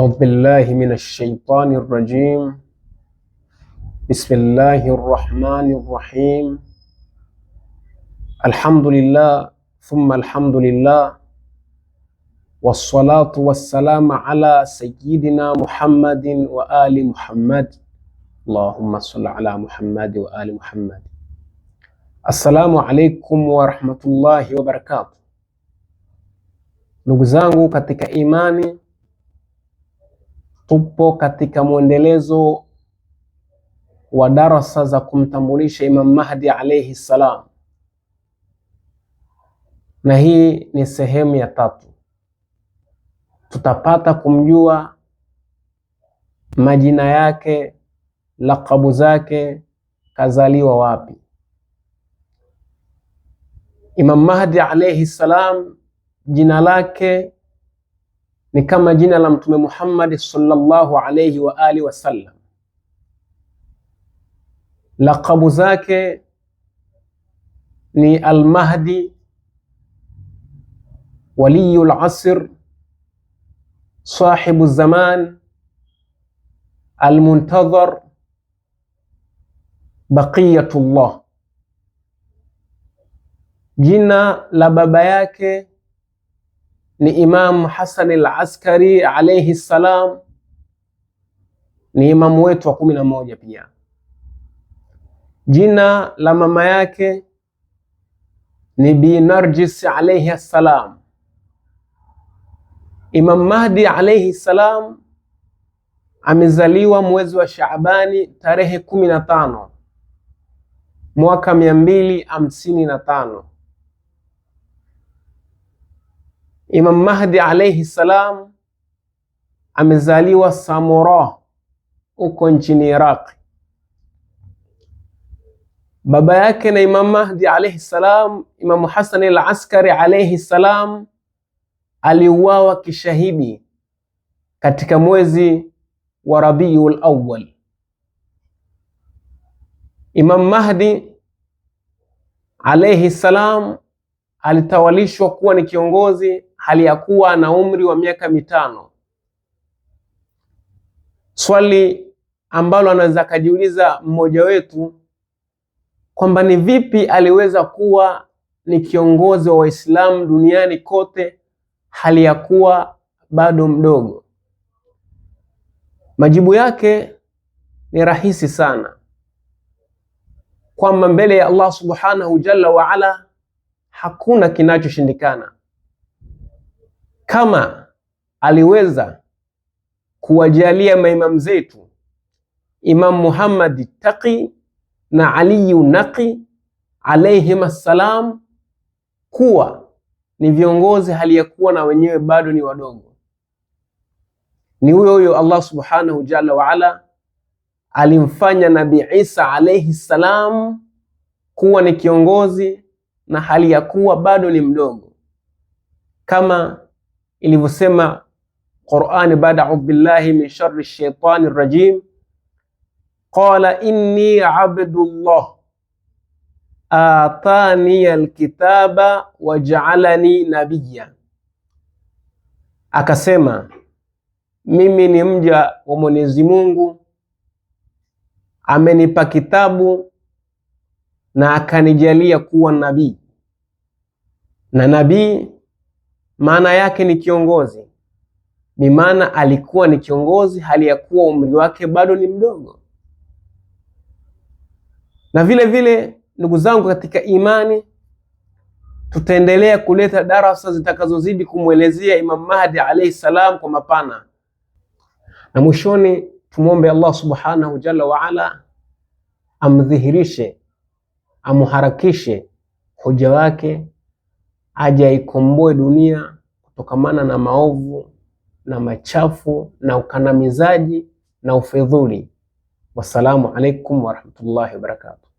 أعوذ بالله من الشيطان الرجيم بسم الله الرحمن الرحيم الحمد لله ثم الحمد لله والصلاة والسلام على سيدنا محمد وآل محمد اللهم صل على محمد وآل محمد Assalamu alaikum warahmatullahi wabarakatuh. Ndugu zangu katika imani, tupo katika mwendelezo wa darasa za kumtambulisha Imam Mahdi alaihi salam, na hii ni sehemu ya tatu. Tutapata kumjua majina yake, lakabu zake, kazaliwa wapi Imam Mahdi alayhi salam jina lake ni kama jina la Mtume Muhammad sallallahu alayhi wa alihi wasallam. Lakabu zake ni Al-Mahdi, Waliyul Asr, Sahibu Zaman, Al-Muntadhar, Baqiyatullah. Jina la baba yake ni Imam Hasan al-Askari alayhi salam, ni imamu wetu wa kumi na moja. Pia jina la mama yake ni Bi Narjis alayhi salam. Imam Mahdi alayhi salam amezaliwa mwezi wa Shaabani tarehe kumi na tano mwaka mia mbili hamsini na tano Imam Mahdi alaihi salam amezaliwa Samora huko nchini Iraq. Baba yake na Imam Mahdi alaihi salam, Imamu Hassan al Askari alaihi salam aliuawa kishahidi katika mwezi wa Rabiul Awwal. Imam Mahdi alaihi salam alitawalishwa kuwa ni kiongozi hali ya kuwa ana umri wa miaka mitano. Swali ambalo anaweza akajiuliza mmoja wetu kwamba ni vipi aliweza kuwa ni kiongozi wa Waislamu duniani kote hali ya kuwa bado mdogo? Majibu yake ni rahisi sana, kwamba mbele ya Allah subhanahu jalla waala hakuna kinachoshindikana kama aliweza kuwajalia maimamu zetu Imam Muhammad Taqi na Ali Naqi alayhim assalam kuwa ni viongozi hali ya kuwa na wenyewe bado ni wadogo, ni huyo huyo Allah subhanahu jalla waala alimfanya Nabi Isa alayhi salam kuwa ni kiongozi na hali ya kuwa bado ni mdogo kama ilivyosema Qur'ani baada audhu billahi min sharri shaitani rajim, qala inni abdullah atani alkitaba wajaalani nabiya akasema mimi ni mja wa Mwenyezi Mungu, amenipa kitabu na akanijalia kuwa nabii na nabii maana yake ni kiongozi, ni maana alikuwa ni kiongozi hali ya kuwa umri wake bado ni mdogo. Na vile vile, ndugu zangu katika imani, tutaendelea kuleta darasa zitakazozidi kumwelezea Imam Mahdi alaihi salam kwa mapana, na mwishoni tumwombe Allah subhanahu jalla waala amdhihirishe, amuharakishe hoja wake aje aikomboe dunia kutokamana na maovu na machafu na ukandamizaji na ufedhuli. Wassalamu alaikum warahmatullahi wabarakatuh.